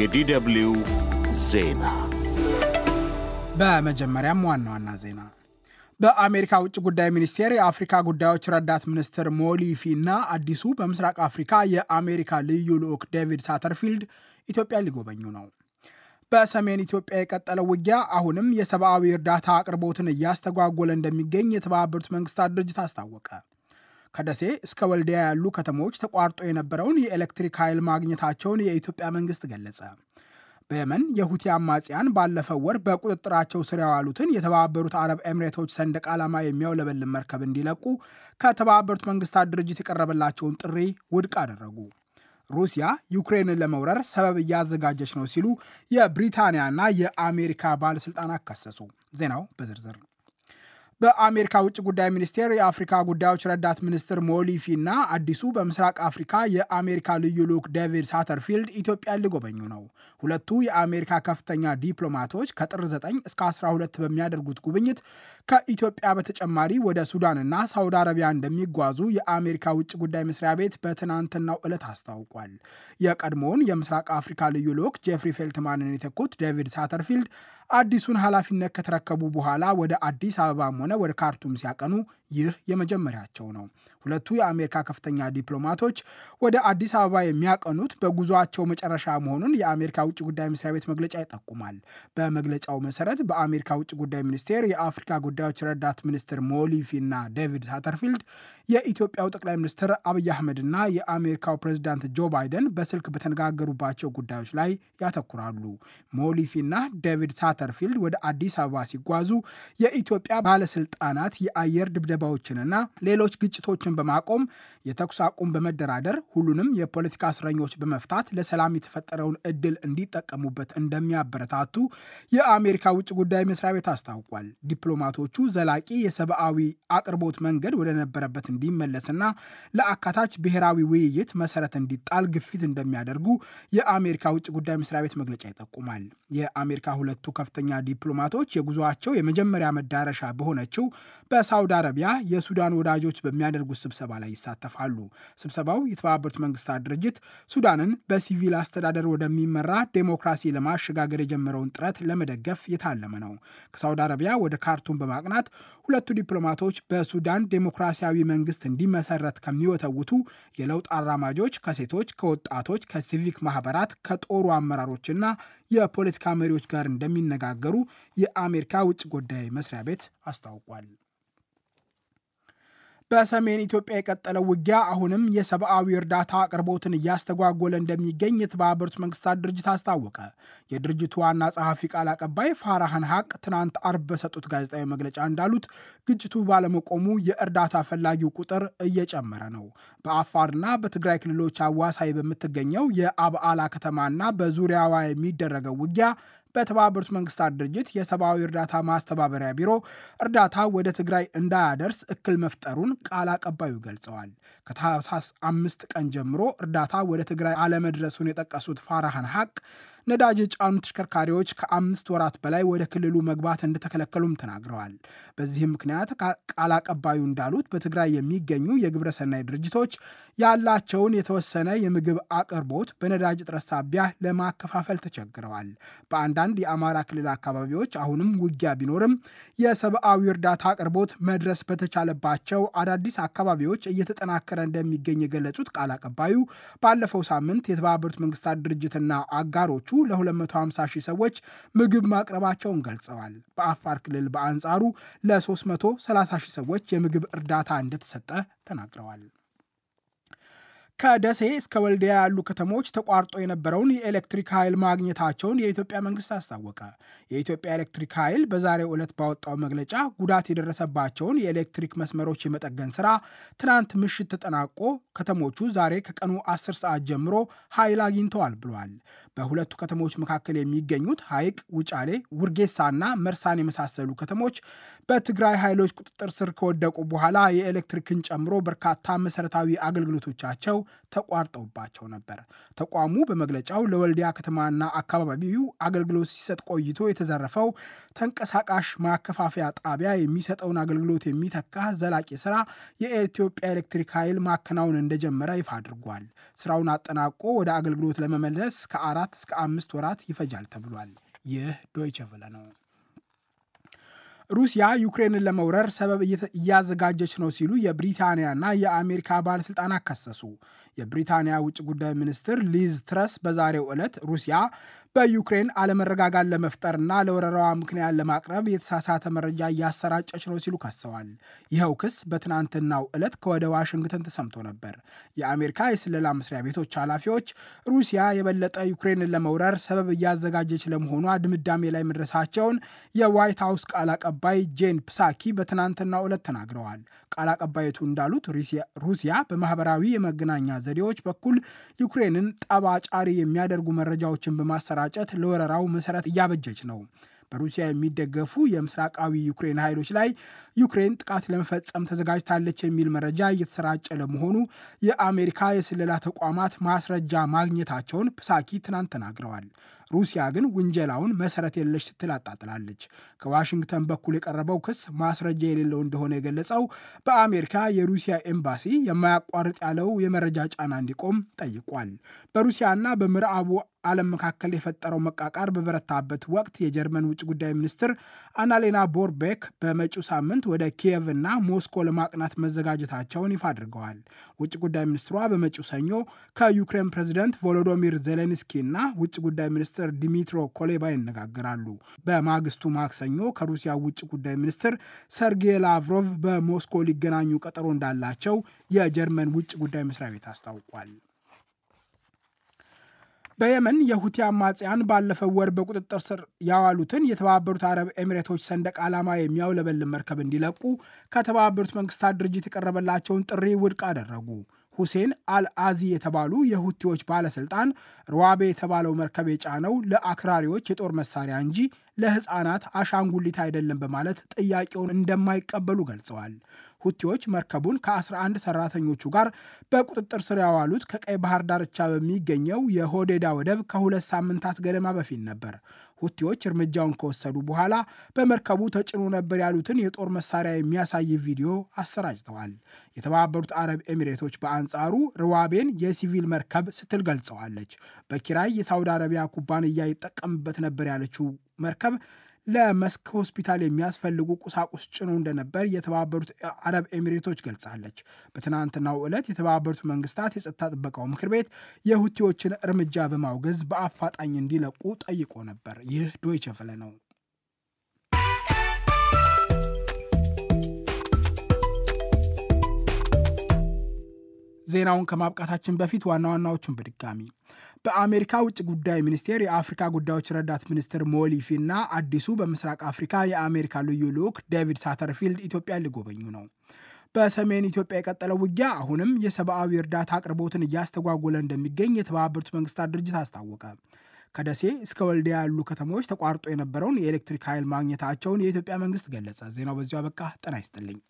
የዲደብሊው ዜና በመጀመሪያም ዋና ዋና ዜና በአሜሪካ ውጭ ጉዳይ ሚኒስቴር የአፍሪካ ጉዳዮች ረዳት ሚኒስትር ሞሊፊ እና አዲሱ በምስራቅ አፍሪካ የአሜሪካ ልዩ ልዑክ ዴቪድ ሳተርፊልድ ኢትዮጵያ ሊጎበኙ ነው። በሰሜን ኢትዮጵያ የቀጠለው ውጊያ አሁንም የሰብአዊ እርዳታ አቅርቦትን እያስተጓጎለ እንደሚገኝ የተባበሩት መንግስታት ድርጅት አስታወቀ። ከደሴ እስከ ወልዲያ ያሉ ከተሞች ተቋርጦ የነበረውን የኤሌክትሪክ ኃይል ማግኘታቸውን የኢትዮጵያ መንግስት ገለጸ። በየመን የሁቲ አማጽያን ባለፈው ወር በቁጥጥራቸው ስር ያዋሉትን የተባበሩት አረብ ኤምሬቶች ሰንደቅ ዓላማ የሚያውለበልም መርከብ እንዲለቁ ከተባበሩት መንግስታት ድርጅት የቀረበላቸውን ጥሪ ውድቅ አደረጉ። ሩሲያ ዩክሬንን ለመውረር ሰበብ እያዘጋጀች ነው ሲሉ የብሪታንያና የአሜሪካ ባለሥልጣናት ከሰሱ። ዜናው በዝርዝር በአሜሪካ ውጭ ጉዳይ ሚኒስቴር የአፍሪካ ጉዳዮች ረዳት ሚኒስትር ሞሊፊ እና አዲሱ በምስራቅ አፍሪካ የአሜሪካ ልዩ ልዑክ ዴቪድ ሳተርፊልድ ኢትዮጵያን ሊጎበኙ ነው። ሁለቱ የአሜሪካ ከፍተኛ ዲፕሎማቶች ከጥር 9 እስከ 12 በሚያደርጉት ጉብኝት ከኢትዮጵያ በተጨማሪ ወደ ሱዳንና ሳውዲ አረቢያ እንደሚጓዙ የአሜሪካ ውጭ ጉዳይ መስሪያ ቤት በትናንትናው ዕለት አስታውቋል። የቀድሞውን የምስራቅ አፍሪካ ልዩ ልዑክ ጄፍሪ ፌልትማንን የተኩት ዴቪድ ሳተርፊልድ አዲሱን ኃላፊነት ከተረከቡ በኋላ ወደ አዲስ አበባም ሆነ ወደ ካርቱም ሲያቀኑ ይህ የመጀመሪያቸው ነው። ሁለቱ የአሜሪካ ከፍተኛ ዲፕሎማቶች ወደ አዲስ አበባ የሚያቀኑት በጉዞአቸው መጨረሻ መሆኑን የአሜሪካ ውጭ ጉዳይ መስሪያ ቤት መግለጫ ይጠቁማል። በመግለጫው መሰረት በአሜሪካ ውጭ ጉዳይ ሚኒስቴር የአፍሪካ ጉዳዮች ረዳት ሚኒስትር ሞሊፊ እና ዴቪድ ሳተርፊልድ የኢትዮጵያው ጠቅላይ ሚኒስትር አብይ አህመድና የአሜሪካው ፕሬዚዳንት ጆ ባይደን በስልክ በተነጋገሩባቸው ጉዳዮች ላይ ያተኩራሉ። ሞሊፊና ዴቪድ ሳተርፊልድ ወደ አዲስ አበባ ሲጓዙ የኢትዮጵያ ባለስልጣናት የአየር ድብደ ከበባዎችንና ሌሎች ግጭቶችን በማቆም የተኩስ አቁም በመደራደር ሁሉንም የፖለቲካ እስረኞች በመፍታት ለሰላም የተፈጠረውን እድል እንዲጠቀሙበት እንደሚያበረታቱ የአሜሪካ ውጭ ጉዳይ መስሪያ ቤት አስታውቋል። ዲፕሎማቶቹ ዘላቂ የሰብአዊ አቅርቦት መንገድ ወደነበረበት እንዲመለስና ለአካታች ብሔራዊ ውይይት መሰረት እንዲጣል ግፊት እንደሚያደርጉ የአሜሪካ ውጭ ጉዳይ መስሪያ ቤት መግለጫ ይጠቁማል። የአሜሪካ ሁለቱ ከፍተኛ ዲፕሎማቶች የጉዞአቸው የመጀመሪያ መዳረሻ በሆነችው በሳውዲ አረቢያ የሱዳን ወዳጆች በሚያደርጉት ስብሰባ ላይ ይሳተፋሉ። ስብሰባው የተባበሩት መንግስታት ድርጅት ሱዳንን በሲቪል አስተዳደር ወደሚመራ ዴሞክራሲ ለማሸጋገር የጀመረውን ጥረት ለመደገፍ የታለመ ነው። ከሳውዲ አረቢያ ወደ ካርቱም በማቅናት ሁለቱ ዲፕሎማቶች በሱዳን ዴሞክራሲያዊ መንግስት እንዲመሰረት ከሚወተውቱ የለውጥ አራማጆች፣ ከሴቶች፣ ከወጣቶች፣ ከሲቪክ ማህበራት፣ ከጦሩ አመራሮችና የፖለቲካ መሪዎች ጋር እንደሚነጋገሩ የአሜሪካ ውጭ ጉዳይ መስሪያ ቤት አስታውቋል። በሰሜን ኢትዮጵያ የቀጠለው ውጊያ አሁንም የሰብአዊ እርዳታ አቅርቦትን እያስተጓጎለ እንደሚገኝ የተባበሩት መንግስታት ድርጅት አስታወቀ። የድርጅቱ ዋና ጸሐፊ ቃል አቀባይ ፋራህን ሀቅ ትናንት አርብ በሰጡት ጋዜጣዊ መግለጫ እንዳሉት ግጭቱ ባለመቆሙ የእርዳታ ፈላጊው ቁጥር እየጨመረ ነው። በአፋርና በትግራይ ክልሎች አዋሳይ በምትገኘው የአብዓላ ከተማና በዙሪያዋ የሚደረገው ውጊያ በተባበሩት መንግስታት ድርጅት የሰብአዊ እርዳታ ማስተባበሪያ ቢሮ እርዳታ ወደ ትግራይ እንዳያደርስ እክል መፍጠሩን ቃል አቀባዩ ገልጸዋል። ከታህሳስ አምስት ቀን ጀምሮ እርዳታ ወደ ትግራይ አለመድረሱን የጠቀሱት ፋርሃን ሀቅ ነዳጅ የጫኑ ተሽከርካሪዎች ከአምስት ወራት በላይ ወደ ክልሉ መግባት እንደተከለከሉም ተናግረዋል። በዚህም ምክንያት ቃል አቀባዩ እንዳሉት በትግራይ የሚገኙ የግብረሰናይ ድርጅቶች ያላቸውን የተወሰነ የምግብ አቅርቦት በነዳጅ እጥረት ሳቢያ ለማከፋፈል ተቸግረዋል። በአንዳንድ የአማራ ክልል አካባቢዎች አሁንም ውጊያ ቢኖርም የሰብአዊ እርዳታ አቅርቦት መድረስ በተቻለባቸው አዳዲስ አካባቢዎች እየተጠናከረ እንደሚገኝ የገለጹት ቃል አቀባዩ ባለፈው ሳምንት የተባበሩት መንግስታት ድርጅትና አጋሮቹ ለ250 ሺህ ሰዎች ምግብ ማቅረባቸውን ገልጸዋል። በአፋር ክልል በአንጻሩ ለ330 ሺህ ሰዎች የምግብ እርዳታ እንደተሰጠ ተናግረዋል። ከደሴ እስከ ወልዲያ ያሉ ከተሞች ተቋርጦ የነበረውን የኤሌክትሪክ ኃይል ማግኘታቸውን የኢትዮጵያ መንግስት አስታወቀ። የኢትዮጵያ ኤሌክትሪክ ኃይል በዛሬው ዕለት ባወጣው መግለጫ ጉዳት የደረሰባቸውን የኤሌክትሪክ መስመሮች የመጠገን ስራ ትናንት ምሽት ተጠናቆ ከተሞቹ ዛሬ ከቀኑ 10 ሰዓት ጀምሮ ኃይል አግኝተዋል ብለዋል። በሁለቱ ከተሞች መካከል የሚገኙት ሐይቅ፣ ውጫሌ፣ ውርጌሳና መርሳን የመሳሰሉ ከተሞች በትግራይ ኃይሎች ቁጥጥር ስር ከወደቁ በኋላ የኤሌክትሪክን ጨምሮ በርካታ መሰረታዊ አገልግሎቶቻቸው ተቋርጠውባቸው ነበር። ተቋሙ በመግለጫው ለወልዲያ ከተማና አካባቢው አገልግሎት ሲሰጥ ቆይቶ የተዘረፈው ተንቀሳቃሽ ማከፋፈያ ጣቢያ የሚሰጠውን አገልግሎት የሚተካ ዘላቂ ስራ የኢትዮጵያ ኤሌክትሪክ ኃይል ማከናወን እንደጀመረ ይፋ አድርጓል። ስራውን አጠናቆ ወደ አገልግሎት ለመመለስ ከአራት እስከ አምስት ወራት ይፈጃል ተብሏል። ይህ ዶይቸ ነው። ሩሲያ ዩክሬንን ለመውረር ሰበብ እያዘጋጀች ነው ሲሉ የብሪታንያና የአሜሪካ ባለስልጣናት ከሰሱ። የብሪታንያ ውጭ ጉዳይ ሚኒስትር ሊዝ ትረስ በዛሬው ዕለት ሩሲያ በዩክሬን አለመረጋጋት ለመፍጠርና ለወረራዋ ምክንያት ለማቅረብ የተሳሳተ መረጃ እያሰራጨች ነው ሲሉ ከሰዋል። ይኸው ክስ በትናንትናው ዕለት ከወደ ዋሽንግተን ተሰምቶ ነበር። የአሜሪካ የስለላ መስሪያ ቤቶች ኃላፊዎች ሩሲያ የበለጠ ዩክሬንን ለመውረር ሰበብ እያዘጋጀች ለመሆኗ ድምዳሜ ላይ መድረሳቸውን የዋይት ሀውስ ቃል አቀባይ ጄን ፕሳኪ በትናንትናው ዕለት ተናግረዋል። ቃል አቀባይቱ እንዳሉት ሩሲያ በማህበራዊ የመገናኛ ዘዴዎች በኩል ዩክሬንን ጠባጫሪ የሚያደርጉ መረጃዎችን በማሰራጨት ለወረራው መሰረት እያበጀች ነው። በሩሲያ የሚደገፉ የምስራቃዊ ዩክሬን ኃይሎች ላይ ዩክሬን ጥቃት ለመፈጸም ተዘጋጅታለች የሚል መረጃ እየተሰራጨ ለመሆኑ የአሜሪካ የስለላ ተቋማት ማስረጃ ማግኘታቸውን ፕሳኪ ትናንት ተናግረዋል። ሩሲያ ግን ውንጀላውን መሰረት የለሽ ስትል አጣጥላለች። ከዋሽንግተን በኩል የቀረበው ክስ ማስረጃ የሌለው እንደሆነ የገለጸው በአሜሪካ የሩሲያ ኤምባሲ የማያቋርጥ ያለው የመረጃ ጫና እንዲቆም ጠይቋል። በሩሲያና በምዕራቡ ዓለም መካከል የፈጠረው መቃቃር በበረታበት ወቅት የጀርመን ውጭ ጉዳይ ሚኒስትር አናሌና ቦርቤክ በመጪው ሳምንት ሳምንት ወደ ኪየቭና ሞስኮ ለማቅናት መዘጋጀታቸውን ይፋ አድርገዋል። ውጭ ጉዳይ ሚኒስትሯ በመጪው ሰኞ ከዩክሬን ፕሬዚደንት ቮሎዶሚር ዜሌንስኪ እና ውጭ ጉዳይ ሚኒስትር ዲሚትሮ ኮሌባ ይነጋገራሉ። በማግስቱ ማክሰኞ ከሩሲያ ውጭ ጉዳይ ሚኒስትር ሰርጌይ ላቭሮቭ በሞስኮ ሊገናኙ ቀጠሮ እንዳላቸው የጀርመን ውጭ ጉዳይ መስሪያ ቤት አስታውቋል። በየመን የሁቲ አማጽያን ባለፈው ወር በቁጥጥር ስር ያዋሉትን የተባበሩት አረብ ኤሚሬቶች ሰንደቅ ዓላማ የሚያውለበልን መርከብ እንዲለቁ ከተባበሩት መንግስታት ድርጅት የቀረበላቸውን ጥሪ ውድቅ አደረጉ። ሁሴን አልአዚ የተባሉ የሁቲዎች ባለስልጣን ሩዋቤ የተባለው መርከብ የጫነው ለአክራሪዎች የጦር መሳሪያ እንጂ ለህፃናት አሻንጉሊት አይደለም በማለት ጥያቄውን እንደማይቀበሉ ገልጸዋል። ሁቲዎች መርከቡን ከ11 ሰራተኞቹ ጋር በቁጥጥር ስር ያዋሉት ከቀይ ባህር ዳርቻ በሚገኘው የሆዴዳ ወደብ ከሁለት ሳምንታት ገደማ በፊት ነበር። ሁቲዎች እርምጃውን ከወሰዱ በኋላ በመርከቡ ተጭኖ ነበር ያሉትን የጦር መሳሪያ የሚያሳይ ቪዲዮ አሰራጭተዋል። የተባበሩት አረብ ኤሚሬቶች በአንጻሩ ርዋቤን የሲቪል መርከብ ስትል ገልጸዋለች። በኪራይ የሳውዲ አረቢያ ኩባንያ ይጠቀምበት ነበር ያለችው መርከብ ለመስክ ሆስፒታል የሚያስፈልጉ ቁሳቁስ ጭኖ እንደነበር የተባበሩት አረብ ኤሚሬቶች ገልጻለች። በትናንትናው ዕለት የተባበሩት መንግስታት የጸጥታ ጥበቃው ምክር ቤት የሁቲዎችን እርምጃ በማውገዝ በአፋጣኝ እንዲለቁ ጠይቆ ነበር። ይህ ዶይቸ ቬለ ነው። ዜናውን ከማብቃታችን በፊት ዋና ዋናዎቹን በድጋሚ በአሜሪካ ውጭ ጉዳይ ሚኒስቴር የአፍሪካ ጉዳዮች ረዳት ሚኒስትር ሞሊፊ እና አዲሱ በምስራቅ አፍሪካ የአሜሪካ ልዩ ልዑክ ዴቪድ ሳተርፊልድ ኢትዮጵያ ሊጎበኙ ነው። በሰሜን ኢትዮጵያ የቀጠለው ውጊያ አሁንም የሰብአዊ እርዳታ አቅርቦትን እያስተጓጎለ እንደሚገኝ የተባበሩት መንግስታት ድርጅት አስታወቀ። ከደሴ እስከ ወልዲያ ያሉ ከተሞች ተቋርጦ የነበረውን የኤሌክትሪክ ኃይል ማግኘታቸውን የኢትዮጵያ መንግስት ገለጸ። ዜናው በዚሁ አበቃ። ጤና ይስጥልኝ።